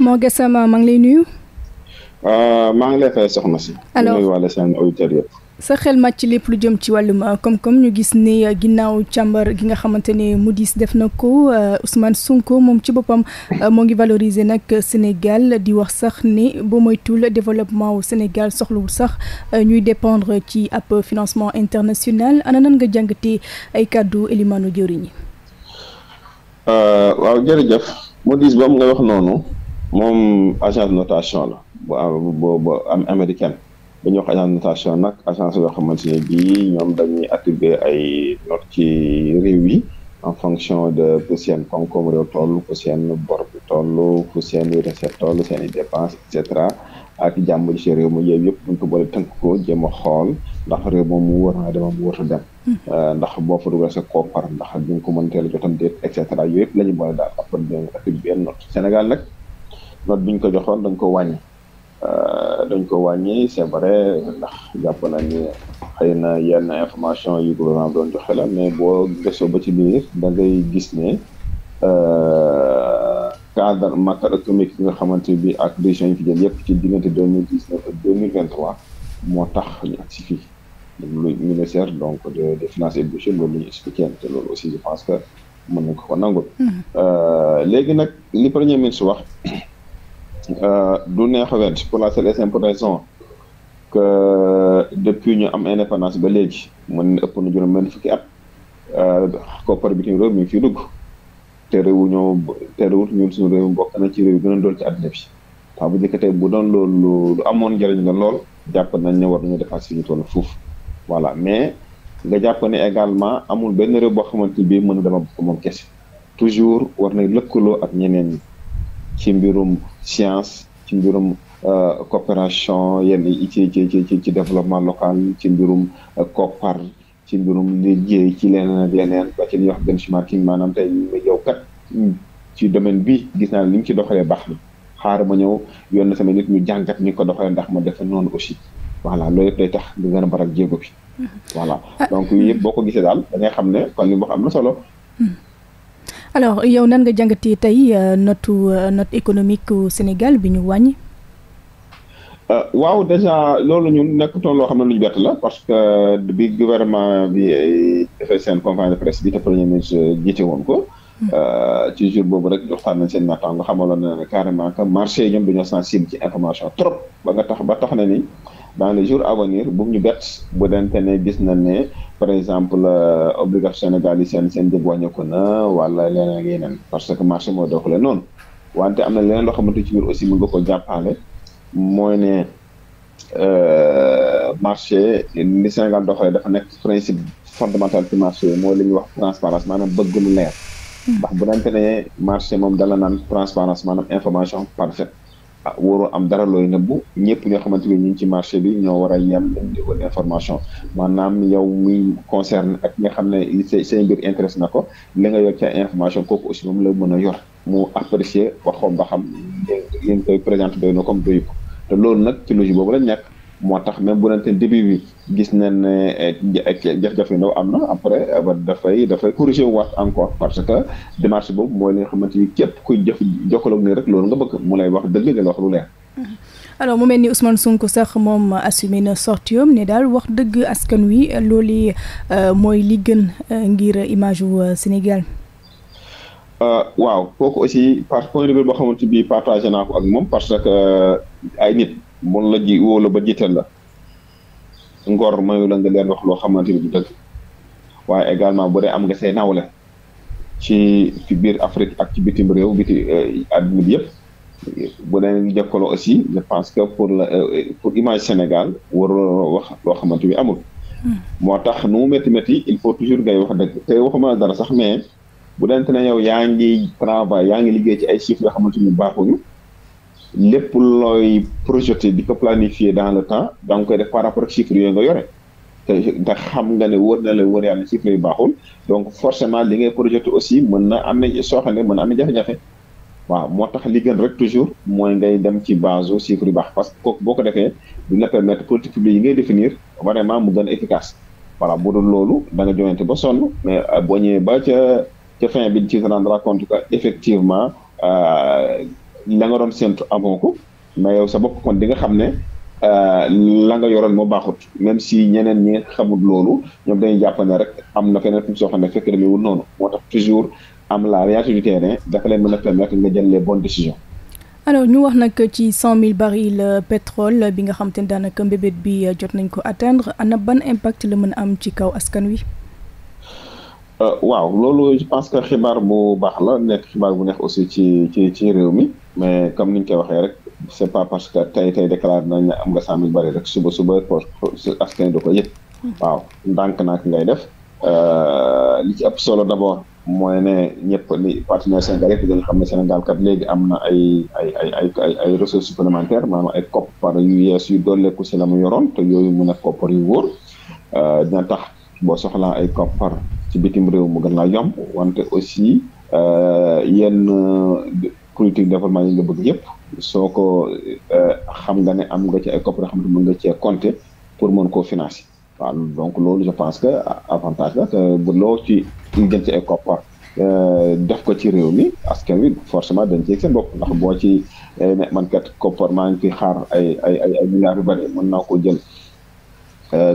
moo Gassama maa ngi lay nuyu. Ah, maa ngi lay fay soxna si. sa xel màcc ci lépp lu jëm ci wàllum ah, koom-koom ñu gis ni ah, ginnaaw càmbar gi nga xamante ne Moody's def na ko Ousmane sunko moom ci boppam moo ngi valoriser nag Sénégal di wax sax ni boo moytul développement wu Sénégal soxlawul sax ñuy dépendre ci ab financement international ana nan nga jàngatee ay kàddu élimaanu jëriñ. waaw jërëjëf Moody's moom agence notation la bu am bu am américaine bu ñuy agence notation nag agence yoo xamante ne bii ñoom dañuy attribuer ay note ci réew yi en fonction de fu seen koom-koom réew toll fu seen bor bi toll fu seen recette toll seen i dépense et cetera ak jàmm ci réew mi yooyu yëpp buñ ko boole tënk ko jéem a xool ndax réew moom mu wër naa dema mu wërta dem hmm. euh, ndax boo fa dugal sa ndax duñ ko mën teel a jotam déet et cetera yooyu yëpp la ñu boole daal après dinañ attribuer note Sénégal nag note bi ñu ko joxoon dañ ko wàññi euh, dañ ko wàññi c'est vrai ndax jàpp nañ ni xëy na yenn information yu gouvernement doon joxe la mais boo gëstoo ba ci biir da ngay gis ne euh, cadre macroéconomique bi nga xamante bi ak décision yi fi jël yëpp ci diggante deux mille dix neuf ak deux tax ñu ak si fii donc de des finances et budget loolu la te loolu aussi je pense que mën nañ ko ko nangul hmm. euh, léegi nag li premier ministre wax Euh, du neex a wedd pour la seule et simple raison que depuis ñu am indépendance ba léegi mën na ëpp na juróom benn fukki at euh, koppar bitim réew mi ngi fiy dugg te réewu ñoo te réewut ñun suñu réew bokk na ci réew yi gën a dool ci àddina bi waaw bu njëkk tey bu doon lool lu amoon njëriñ la lool jàpp nañ ne war nañu defaat suñu tool foofu voilà mais nga jàpp ne également amul benn réew boo xamante bi mën a dama bokk moom kese toujours war na lëkkaloo ak ñeneen ñi ci mbirum science ci mbirum euh, coopération yenn ci ci ci ci développement local ci mbirum euh, koppar ci mbirum liggéey ci leneen ak leneen ba ci li ñuy wax benchmarking maanaam tey yow kat hmm, ci domaine bi gis naa ne li ñu ci doxalee baax na xaar ma ñëw yoon sama nit ñu jàngat ni ko doxalee ndax ma defe noonu aussi voilà loolu yëpp day tax di gën a baral jéego bi mm-hmm. voilà ah, donc yëpp mm-hmm. boo ko gisee daal da xam ne kon li mu wax am na solo mm-hmm. alors yow nan nga jàngatee tey euh, notu euh, note économique Sénégal bi ñu wàññi. Euh, waaw déjà loolu ñun nekkutoon loo xam ne lu ñu bett la parce que bi gouvernement bi defee seen conférence de presse bi te premier ministre jiite woon ko. Hmm. ci jour boobu rek waxtaan nañ seen naataango xamaloon na ne carrément que marché yi ñoom dañoo sensible ci information trop ba nga tax ba tax na ni. dans les jour à venir bu ñu bett bu dente ne gis na ne par exemple euh, obligation Sénégal yi seen seen jëb wàññeeku na wala leneen ak yeneen parce que marché moo doxalee noonu wante am na leneen loo xamante ci biir aussi mën nga ko jàppale mooy ne euh, marché li Sénégal doxalee dafa nekk principe fondamental ci marché mooy li ñuy wax transparence maanaam bëgg lu leer hmm. ndax bu dente ne marché moom dala naan transparence maanaam information parfaite ah waroo am dara looy nëbbu ñëpp ñoo xamante ni ñu ci marché bi ñoo war a yem niveau information maanaam yow muy concerne ak nga xam ne seen mbir intéresse na ko la nga yor ca information kooku aussi moom la mën a yor mu apprécier waxoon ba xam yéen koy présente doy na kom doyu ko te loolu nag ci logique boobu la ñàkk moo tax même bu nante début bi gis nañ ne eh, jafe-jafe ndaw am na après eh, dafay dafay corrigé wu waat encore parce que démarche boobu mooy li nga xamante ni képp kuy jëf jokkaloog rek loolu nga bëgg mu lay wax dëgg nga la wax lu leer. Mm-hmm. alors mu mel ni Ousmane Sonko sax moom assumé na sortiom ne daal wax dëgg askan wi loolu euh, mooy li gën euh, ngir image wu euh, Sénégal. waaw kooku aussi par point de vue boo xamante bi partagé naa ko ak moom parce que ay nit. mun la ji wóola ba jiital la ngor mayu la nga leen wax loo xamante ni du dëgg waaye également bu dee am nga say nawle ci ci biir Afrique ak ci bitim réew biti eh, àdduna bi yëpp bu dee jokkaloo aussi je pense que pour la eh, pour image Sénégal waroo wax loo xamante ni amul hmm. moo tax nu mu métti métti il faut toujours ngay wax dëgg te waxuma dara sax mais bu dente ne yow yaa ngi travail yaa ngi liggéey ci ay chiffres yoo xamante ni baaxuñu lépp looy projeté di ko planifier dans le temps da nga koy def par rapport ak chiffres yore te xam nga ne wër na la wër yàlla chiffres yi baaxul donc forcément li ngay projeté aussi mën na am na sooxane mën na am na jafe-jafe waaw moo tax li rek toujours mooy ngay dem ci base au chiffres baax parce que kooku boo ko defee dina permettre politique publique yi ngay définir vraiment mu gën a efficace voilà bu loolu da nga joŋante ba sonn mais euh, boo ñëwee ba ca ca fin bi ci se rendre compte que effectivement. Euh, la nga doon séntu amoo ko mais yow sa bopp kon di nga xam ne euh, la nga yoroon moo baaxut même si ñeneen ñi xamul loolu ñoom dañuy jàpp rek am na feneen fu soo xam ne fekk demeewul noonu moo tax toujours am la réalité du terrain dafa leen mën a permettre nga jël les bonnes décisions. alors ñu wax nag ci cent mille barils euh, pétrole bi nga xam te ne daanaka mbébét bi euh, jot nañ ko atteindre anna ban impact la mën a am ci kaw askan wi. waaw loolu je pense que xibaar bu baax la nekk xibaar bu neex aussi ci ci ci réew mi. mais comme niñ koy waxee rek c' pas parce que tey tey déclaré nañ ne am nga cent mille bari rek suba suba askan du ko yëpp waaw ndànk nak ngay def euh, li ci ëpp solo d' abord mooy ne ñëpp li partenaire Sénégal yëpp dañu xam ne Sénégal kat léegi am na ay ay ay ay ay ay ressources supplémentaires maanaam ay koppar yu yees yu dooleeku si la mu yoroon te yooyu mu ne koppar yu woor euh, dina tax boo soxlaa ay koppar ci bitim réew mu gën laa yomb wante aussi euh, yenn politique développement yi nga bëgg yëpp soo ko euh, xam nga ne am nga ci ay coopérative xam ne nga cee compter pour mën koo financer waaw donc loolu je pense que euh, avantage bu loo ci jëm ci ay koppar euh, def ko ci réew mi askan wi forcément dañ ci seen bop ndax boo ci ne man kat koppar maa ngi ci xaar ay ay ay ay milliards yu bëri mën ko jël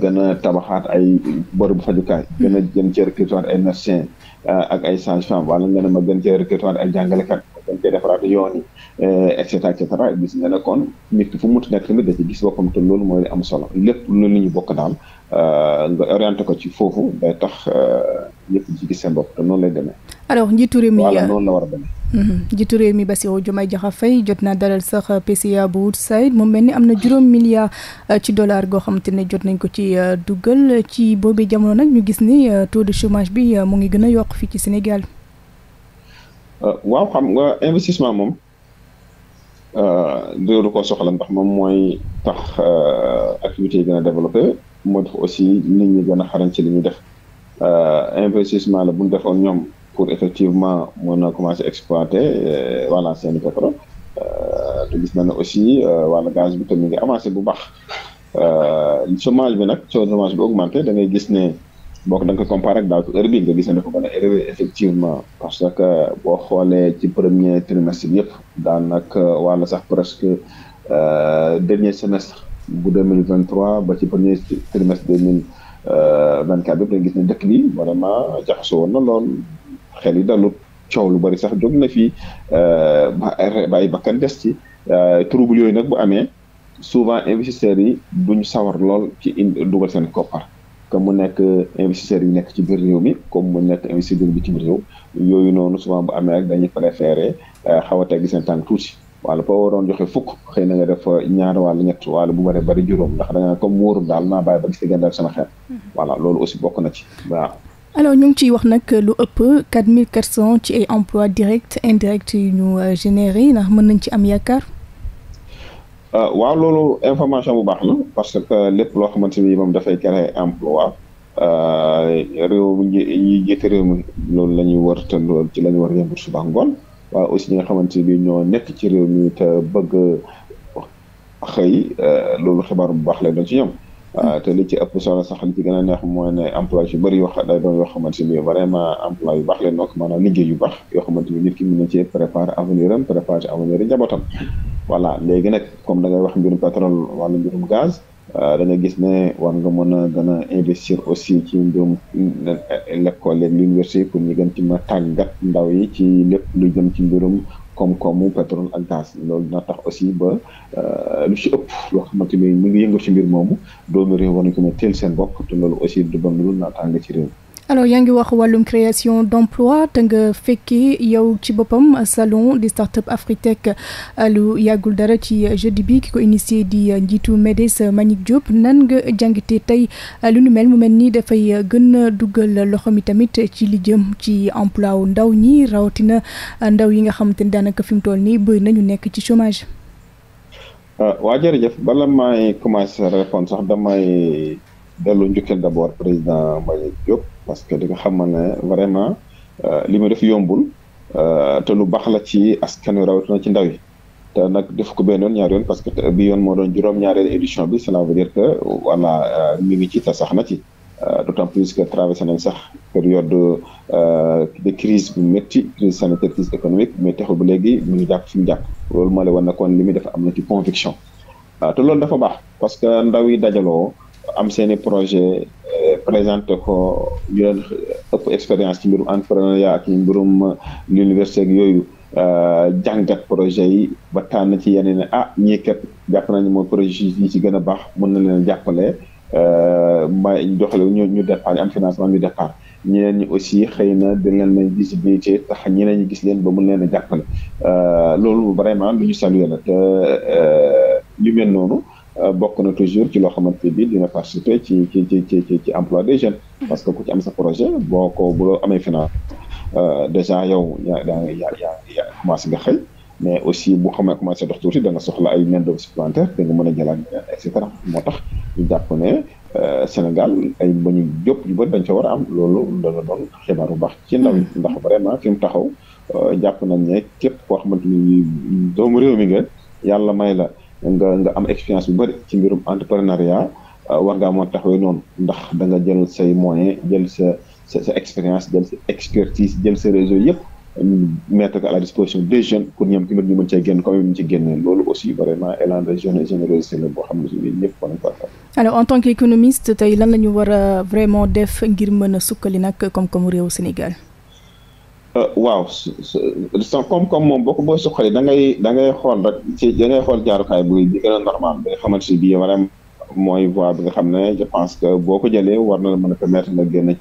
gën a tabaxaat ay bërëbu fajukaay gën a jëm ci recrutement ay médecins ak ay sages-femmes wala nga ne ma gën cee recrutement ay jàngalekat dañ cee defaraat yoon yi euh, et cetera gis ne kon nit ki fu mu nekk tamit da ci gis boppam te loolu mooy am solo lépp lu nit ñu bokk daal euh, ko ci foofu day tax euh, ñëpp ci njiitu réew mi voilà noonu la mm-hmm. jot naa dalal sax PCA bu Woodside mu mel ni am na juróom milliard ci dollar goo xamante ne jot nañ ko ci dugal ci boobee jamono nag ñu gis ni taux de chômage bi mu ngi gën a yokk fii ci Sénégal. Euh, waaw xam nga investissement moom euh, dooru ko soxla ndax moom mooy tax euh, activités yi gën a développé moo def aussi nit ñi gën a xarañ ci li ñuy def investissement la bu ñu defoon ñoom pour effectivement mën a commencer exploiter voilà seeni pétrole te gis na ne aussi wala gaz bi tamit ngi avancé bu baax chômage bi nag soo chômage bi augmenté da ngay gis ne boo ko da nga ko comparé ak nga gis ne dafa gën a effectivement parce que boo xoolee ci premier trimestre yëpp daanaka wala sax presque euh, dernier semestre bu deux mille vingt trois ba ci premier trimestre deux mille euh, vingt quatre yëpp dañu gis ne dëkk bi vraiment jaxasoo woon na lool xel yi dalut coow lu bari sax jóg na fii euh, ba bàyyi bakkan des ci trouble yooyu nag bu amee souvent investisseurs yi duñu sawar lool ci in dugal seen koppar. comme mu nekk investisseurs yu nekk ci biir réew mi comme mu nekk investisseur bi ci biir réew yooyu noonu souvent bu amee rek dañuy préféré euh, xaw a seen tànk tuuti wala boo waroon joxe fukk xëy na nga def ñaar wala ñett wala bu waree bari juróom ndax da nga comme wóorul daal naa bàyyi ba gis di sama xel mhm. voilà loolu aussi bokk na ci waaw alors ñu ngi ciy wax nag lu ëpp 4400 ci ay emploi direct indirect yu ñu euh, généré ndax mën nañ ci am yaakaar Euh, waaw loolu information bu baax na parce que lépp loo xamante ni moom dafay créer emploi euh, réew mi ñi jiite réew mi loolu la ñuy war te ci la ñu war a yëngu suba ngoon waaye aussi ñi nga xamante ni ñoo nekk ci réew mi te bëgg xëy euh, loolu xibaar bu baax lay doon ci ñoom. te li ci ëpp solo sax li ci a neex mooy ne emploi yu bëri yoo xam day doon yoo xamante ni vraiment emploi yu baax leen donc maanaam liggéey yu baax yoo xamante ni nit ki mën na cee préparer avenir am préparer avenir njabootam. voilà léegi nag comme dangay wax mbirum pétrole walla mbirum gaz euh, da gis ne war nga mën a gën a investir aussi ci mbirum euh, l'école ak l'université pour ñu gën ci ma tàggat ndaw yi ci lépp lu jëm ci mbirum koom-koomu pétrole ak gaz loolu dina tax aussi ba euh, lu ci ëpp loo xamante ni mu ngi yëngu ci mbir moomu doomu réew war nañ ko seen bokk te loolu aussi du doon lu naataange ci réew alors yaa ngi wax wàllum création d'emploi te nga fekkee yow ci boppam salon di des startups Afritech euh, lu yàggul dara ci euh, jeudi bi ki ko initié di euh, njiitu MEDES Manick Diop nan nga jàngite tey lu nu mel mu mel nii dafay gën a dugal loxo mi tamit ci li jëm ci emploi wu ndaw ñi rawatina ndaw yi nga xamante ni daanaka fi mu toll nii bëri nañu nekk ci chômage. waa jërëjëf bala may commencer répondre sax damay dellu njukkeel d'abord président Manick Diop. parce que di nga xamal ne vraiment euh, li ma def yombul euh, te lu baax la ci askan wi rawatina ci ndaw yi te nag def ko benn yoon ñaar yoon parce que bi yoon moo doon juróom-ñaareelu édition bi cela veut dire que voilà euh, mi ngi ci te sax na ci d'autant plus que traversé nañ sax période de crise bu métti crise sanitaire crise économique mais taxul ba léegi mu ngi jàpp fi mu jàpp loolu moo lay wan ne kon li muy am na ci conviction te lool dafa baax parce que ndaw yi dajaloo. am seen i projet eh, présenté ko ñu leen eh, ëpp expérience ci mbirum entrepreneuriat ak mbirum eh, l'université ak yooyu jàngat projet yi ba tànn ci yeneen ne ah ñii kat jàpp nañu mooy projet yi ci gën a baax mën na leen jàppale ma doxale ñu ñu départ ñu am ñu départ ñeneen ñi aussi xëy na dañ leen may visibilité tax ñeneen ñi gis leen ba mën leen a jàppale loolu vraiment lu ñu salué la te lu mel noonu Euh, bokk na toujours ci loo xamante bi dina participer ci ci ci ci ci emploi des jeunes. Mm-hmm. parce que ku ci am sa projet boo ko bu loo amee finance euh, déjà yow yaa yaa yaa commencé nga xëy. mais aussi bu xamee commencé dox tuuti da nga soxla ay main d'œuvre supplémentaire da nga mën a jëlaat et cetera moo tax ñu jàpp ne euh, Sénégal ay mbañu jóp yu bëri dañ fa war a am loolu dana doon xibaar bu baax ci ndaw mm-hmm. ndax vraiment fi mu taxaw jàpp nañ ne képp foo xamante ni doomu réew mi nga yàlla may la nga nga am expérience bu bëri ci mbirum entrepreneuriat euh, war ngaa moo taxawee noonu ndax da nga jël say moyen jël sa sa sa expérience jël sa expertise jël sa réseau yëpp euh, mettre ko à la disposition des jeunes pour ñoom tamit ñu mën cee génn comme ñu ci génnee loolu aussi vraiment élan de jeune et générosité la boo xam ne si ñun ñëpp war nañu ko alors en tant qu'économiste tey lan la ñu war a vraiment def ngir mën a sukkali nag koom-koomu réewu Sénégal. Euh, waaw so comme comme moom boo ko boo suqali da ngay da ngay xool rek ci da xool jaarukaay bu bi gën normal xamante ni bii vraiment mooy voie bi nga xam ne je pense que boo ko jëlee war na la mën a permettre nga génn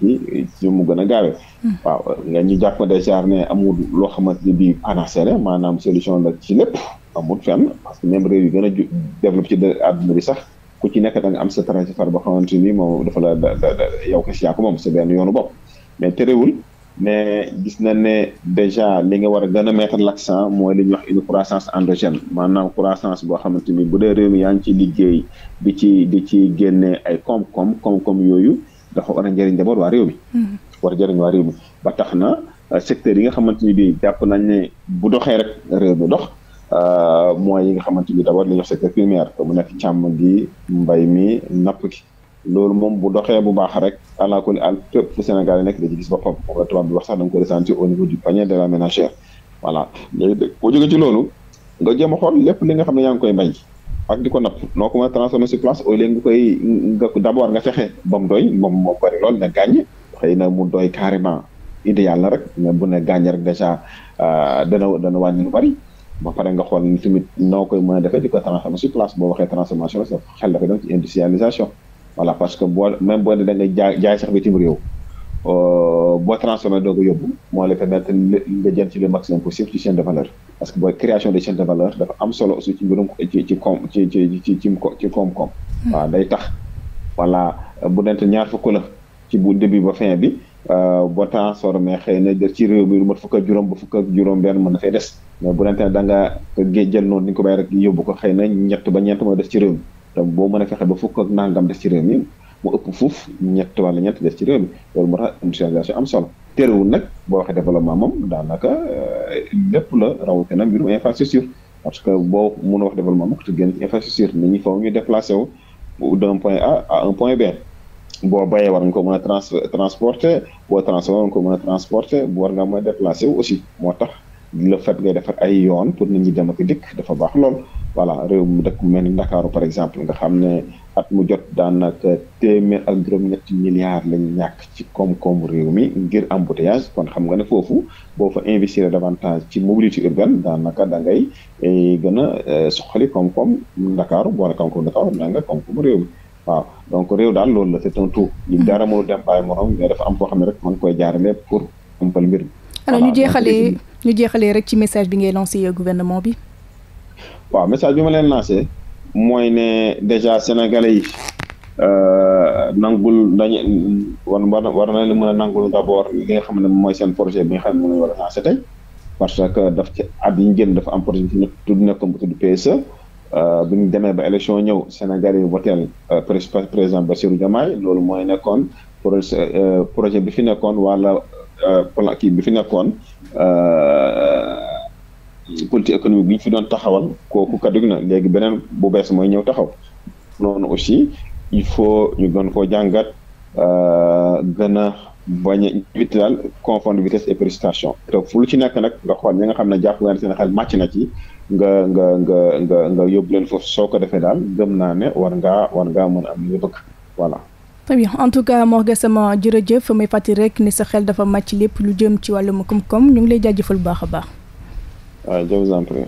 mu gën a gaawee. Hmm. waaw nga ñu jàpp déjà ne amul loo xamante ni bii annoncé maanaam solution la ci lépp amul fenn parce que même yi a développé ci àdduna bi sax ku ci nekk da am sa trajet far ba xamante ni moom dafa la da da moom sa benn yoonu bopp mais terewul. mais gis na ne déjà li nga war a gën a mettre l'accent mooy li ñuy wax une croissance endogène maanaam croissance boo xamante ni bu dee réew mi yaa ngi ci liggéey di ci di ci génne ay koom-koom koom-koom yooyu dafa war a njëriñ d'abord waa réew mi. Mm-hmm. war ba tax na euh, secteur yi nga xamante ni bii jàpp nañ ne bu doxee rek réew mi dox. Euh, mooy yi nga xamante ni d'abord li ñuy wax secteur primaire mu nekk càmm gi mbay mi napp gi. loolu moom bu doxee bu baax rek ala kulli al fépp Sénégal yi nekk da ci gis boppam moom la tubaab bi wax sax da nga ko ressentir au niveau du panier de la ménagère voilà léegi dëgg ci loolu nga jéem a xool lépp li nga xam ne yaa ngi koy bay ak di ko napp noo ko mën a transformer sur place nga koy nga d'abord fexe ba mu doy moom moo bari lool nga gàññ xëy na mu doy carrément idéal la rek mais bu ne gàññ rek déjà euh, dana dana wàññi lu bari ba pare nga xool ni tamit koy mën a defee di ko transformer sur place boo waxee transformation la sa xel dafa dem ci industrialisation voilà parce que boo même boo ne da nga jaay jaay sax bitim réew euh, boo transformé doo ko yóbbu moo jël ci le maximum possible ci parce que booy création de chaîne de valeur dafa am solo aussi ci mbirum ci ci koom ci ci ci hmm. bu dent ñaar fukk la ci bu début ba fin bi euh, boo transformé xëy na ci réew bi lu mat fukk ak juróom ba fukk ak juróom-benn mën na fay des mais bu dente da nga géej jël noonu ni ko bàyyi rek yóbbu ko xëy na ñett ba ñeent mooy des ci réew mi. te boo mën a fexe ba fukk ak nangam def ci réew mi mu ëpp fuuf ñett wala ñett def ci réew mi am solo terewul nag boo waxee développement moom daanaka euh, lépp la raw rawatina mbirum infrastructure parce que boo mun a wax développement moom te génn ci infrastructure nit ñi foofu ñu déplacé wu d'un point A à un point B boo bayee war nga ko mën a trans transporter boo transporter war nga ko mën war nga mën a déplacé wu aussi moo tax le fait ngay defar ay yoon pour nit ñi dem ak dikk dafa baax lool voilà réew mu dëkk mu mel ni Ndakaaru par exemple nga xam ne at mu jot daanaka téeméer ak juróom-ñetti milliards lañu ñàkk ci koom-koomu réew mi ngir embouteillage kon xam nga ne foofu boo fa investir davantage ci mobilité urbaine daanaka da ngay eh, gën a eh, soxali koom-koom Ndakaaru boole koom-koom Ndakaaru da nga koom-koomu réew mi waaw donc réew daal loolu la c'est un tout li mm-hmm. dara mënu dem bàyyi morom mais am foo xam ne rek mën koy jaarale pour ëmpal mbir mi alors ñu jeexalee rek ci message bi ngay lancé gouvernement bi waaw message bi ma leen lancé mooy ne déjà sénégalais yi euh, nangul dañu war war na leen mën a nangul d'abord li nga xam ne mooy seen projet bi nga xam ne moom la war a tey parce que daf ci at yi ñu génn dafa am projet bi tudd nekkoon bu tudd PSE euh, bi ñu demee ba élection ñëw sénégalais yi voteel euh, président Bassirou Diomaye loolu mooy nekkoon projet bi fi nekkoon wala plan kii bi fi nekkoon. politique économique bi ñu fi doon taxawal kooku kaddu na léegi beneen bu bees mooy ñëw taxaw noonu aussi il faut ñu koo jàngat euh, gën a bañ a daal confondre vitesse et prestation donc fu ci nekk nag nga xool ñi nga xam ne jàpp nga ne seen xel màcc na ci nga nga nga nga nga leen foofu soo ko defee daal gëm naa ne war ngaa war ngaa mën a am li nga bëgg voilà. très bien en tout cas Mor Gassama jërëjëf may fàttali rek ni sa xel dafa màcc lépp lu jëm ci wàllum koom-koom ñu ngi lay jaajëfal bu baax a baax. Ajde u zampru.